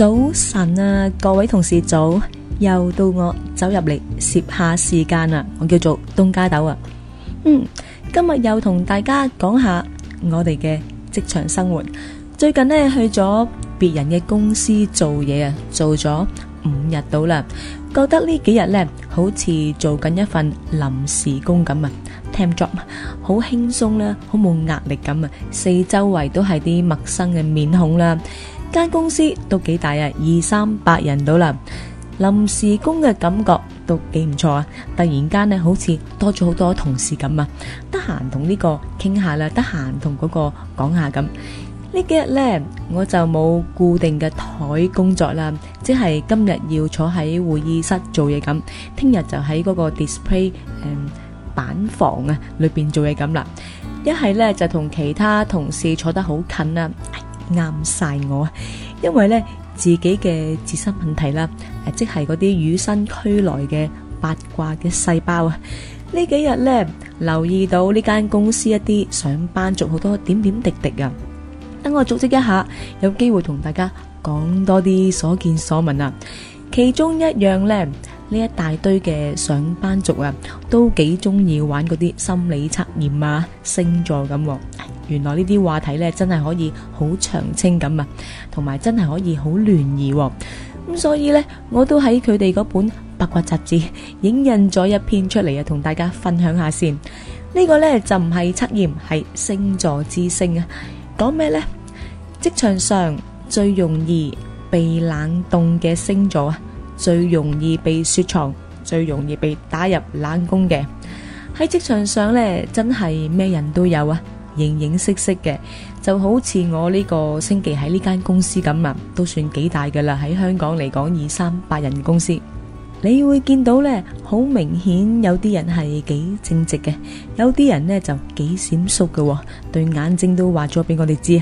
早晨啊，各位同事早，又到我走入嚟攝下時間啦。我叫做東加豆啊，嗯，今日又同大家講下我哋嘅職場生活。最近呢去咗別人嘅公司做嘢啊，做咗五日到啦，覺得呢幾日呢好似做緊一份臨時工咁啊，temp job，好輕鬆啦，好冇壓力咁啊，四周圍都係啲陌生嘅面孔啦。間公司都幾大啊，二三百人到啦。臨時工嘅感覺都幾唔錯啊！突然間咧，好似多咗好多同事咁啊，得閒同呢個傾下啦，得閒同嗰個講下咁。呢幾日咧，我就冇固定嘅台工作啦，即係今日要坐喺會議室做嘢咁，聽日就喺嗰個 display 誒板房啊裡邊做嘢咁啦。一係咧就同其他同事坐得好近啦。啱晒我，因為咧自己嘅自身問題啦，誒，即係嗰啲與生俱來嘅八卦嘅細胞。呢幾日咧留意到呢間公司一啲上班族好多點點滴滴啊，等我組織一下，有機會同大家講多啲所見所聞啊。其中一樣咧，呢一大堆嘅上班族啊，都幾中意玩嗰啲心理測驗啊、星座咁。原來呢啲話題呢，真係可以好長青咁啊，同埋真係可以好聯誼咁，所以呢我都喺佢哋嗰本八卦雜誌影印咗一篇出嚟啊，同大家分享下先。呢個呢就唔係測驗，係星座之星啊，講咩呢？職場上最容易被冷凍嘅星座啊，最容易被雪藏，最容易被打入冷宮嘅。喺職場上呢，真係咩人都有啊。形形色色嘅，就好似我呢個星期喺呢間公司咁啊，都算幾大噶啦，喺香港嚟講二三百人公司。你會見到呢，好明顯有啲人係幾正直嘅，有啲人呢就幾閃縮嘅、哦，對眼睛都話咗俾我哋知。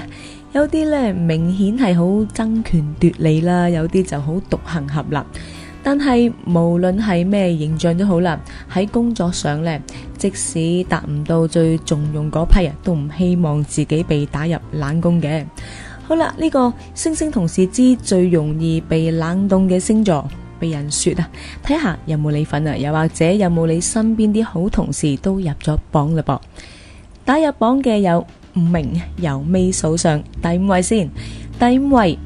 有啲呢明顯係好爭權奪利啦，有啲就好獨行合立。但係無論係咩形象都好啦，喺工作上呢。即使達唔到最重用嗰批人，都唔希望自己被打入冷宮嘅。好啦，呢個星星同事之最容易被冷凍嘅星座，被人說啊，睇下有冇你份啊？又或者有冇你身邊啲好同事都入咗榜嘞？噃打入榜嘅有五名，由尾數上第五位先。第五位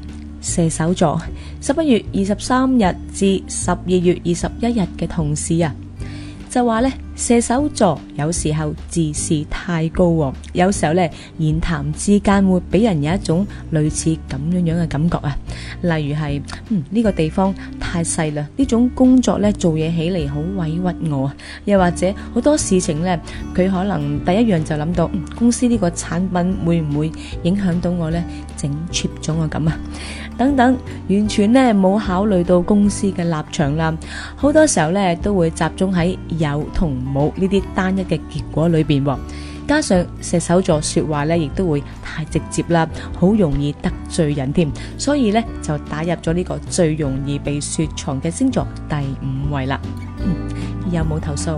射手座，十一月二十三日至十二月二十一日嘅同事啊，就話呢。射手座有時候自視太高喎，有時候咧言談之間會俾人有一種類似咁樣樣嘅感覺啊，例如係嗯呢個地方太細啦，呢種工作咧做嘢起嚟好委屈我啊，又或者好多事情咧佢可能第一樣就諗到公司呢個產品會唔會影響到我咧整 cheap 咗我咁啊，等等完全咧冇考慮到公司嘅立場啦，好多時候咧都會集中喺有同，冇呢啲單一嘅結果裏邊，加上射手座說話咧，亦都會太直接啦，好容易得罪人添，所以咧就打入咗呢個最容易被雪藏嘅星座第五位啦。嗯、有冇投訴？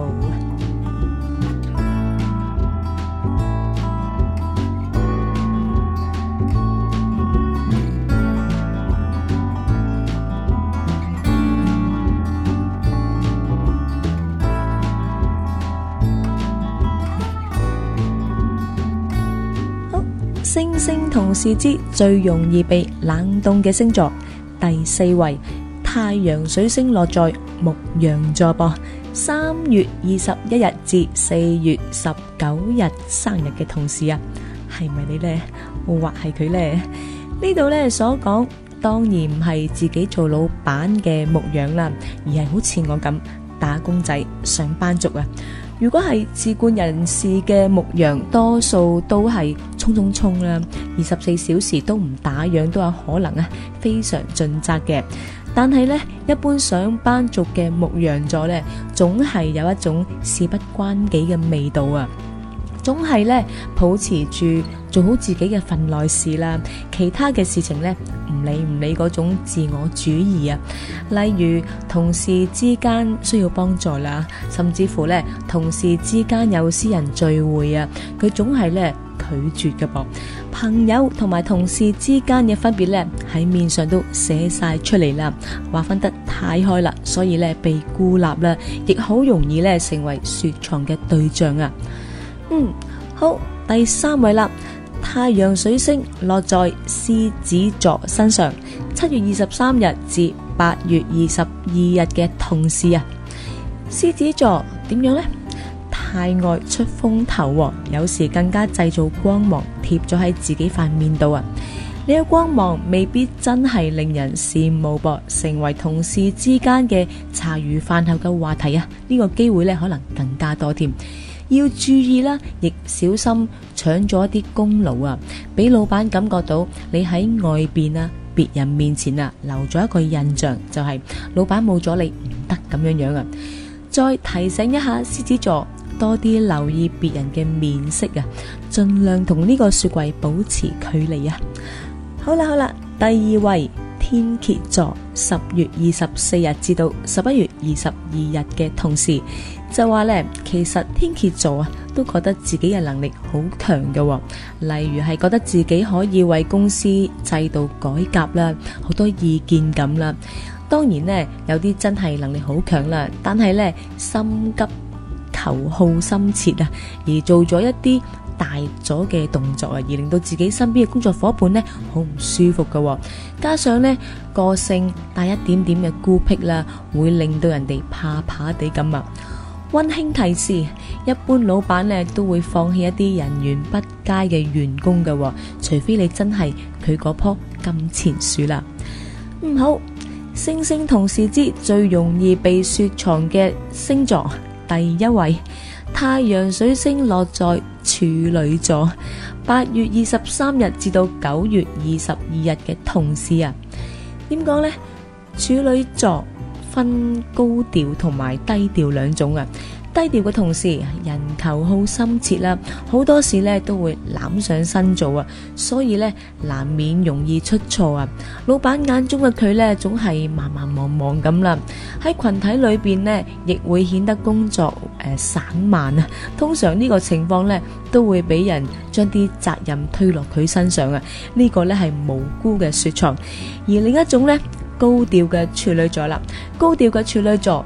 星星同事之最容易被冷凍嘅星座，第四位，太陽水星落在牧羊座噃，三月二十一日至四月十九日生日嘅同事啊，係咪你呢？我話係佢呢。呢度呢所講當然唔係自己做老闆嘅牧羊啦，而係好似我咁打工仔上班族啊。如果係自僱人士嘅牧羊，多數都係沖沖沖啦，二十四小時都唔打烊都有可能啊，非常盡責嘅。但係咧，一般上班族嘅牧羊座咧，總係有一種事不關己嘅味道啊。總係咧保持住做好自己嘅份內事啦，其他嘅事情呢，唔理唔理嗰種自我主義啊。例如同事之間需要幫助啦，甚至乎呢，同事之間有私人聚會啊，佢總係咧拒絕嘅噃。朋友同埋同事之間嘅分別呢，喺面上都寫晒出嚟啦，劃分得太開啦，所以呢，被孤立啦，亦好容易呢成為雪藏嘅對象啊。嗯，好，第三位啦，太陽水星落在獅子座身上，七月二十三日至八月二十二日嘅同事啊，獅子座點樣呢？太愛出風頭喎，有時更加製造光芒，貼咗喺自己塊面度啊！呢個光芒未必真係令人羨慕噃，成為同事之間嘅茶餘飯後嘅話題啊！呢個機會呢，可能更加多添。要注意啦，亦小心搶咗啲功勞啊！俾老闆感覺到你喺外邊啊，別人面前啊，留咗一個印象，就係老闆冇咗你唔得咁樣樣啊！再提醒一下獅子座，多啲留意別人嘅面色啊，盡量同呢個雪櫃保持距離啊！好啦好啦，第二位。天蠍座十月二十四日至到十一月二十二日嘅同事，就話咧，其實天蠍座啊，都覺得自己嘅能力好強嘅。哦，例如係覺得自己可以為公司制度改革啦，好多意見咁啦。當然咧，有啲真係能力好強啦，但係咧，心急求好心切啊，而做咗一啲。大咗嘅動作啊，而令到自己身邊嘅工作夥伴呢，好唔舒服噶。加上呢，個性帶一點點嘅孤僻啦，會令到人哋怕怕地咁啊。溫馨提示：一般老闆呢都會放棄一啲人緣不佳嘅員工噶，除非你真係佢嗰棵金錢樹啦。唔好，星星同事之最容易被雪藏嘅星座，第一位太陽水星落在。處女座八月二十三日至到九月二十二日嘅同事啊，點講呢？處女座分高調同埋低調兩種啊。低調嘅同事，人求好心切啦，好多事咧都會攬上身做啊，所以呢，難免容易出錯啊。老闆眼中嘅佢呢，總係忙忙忙忙咁啦。喺群體裏邊呢，亦會顯得工作誒散漫啊。通常呢個情況呢，都會俾人將啲責任推落佢身上啊。呢、這個呢，係無辜嘅雪藏。而另一種呢，高調嘅處女座啦，高調嘅處女座。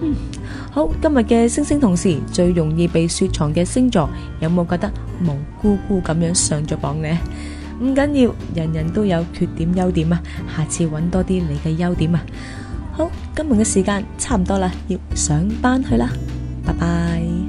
嗯，好，今日嘅星星同事最容易被雪藏嘅星座，有冇覺得無辜辜咁樣上咗榜呢？唔緊要，人人都有缺點優點啊，下次揾多啲你嘅優點啊。好，今日嘅時間差唔多啦，要上班去啦，拜拜。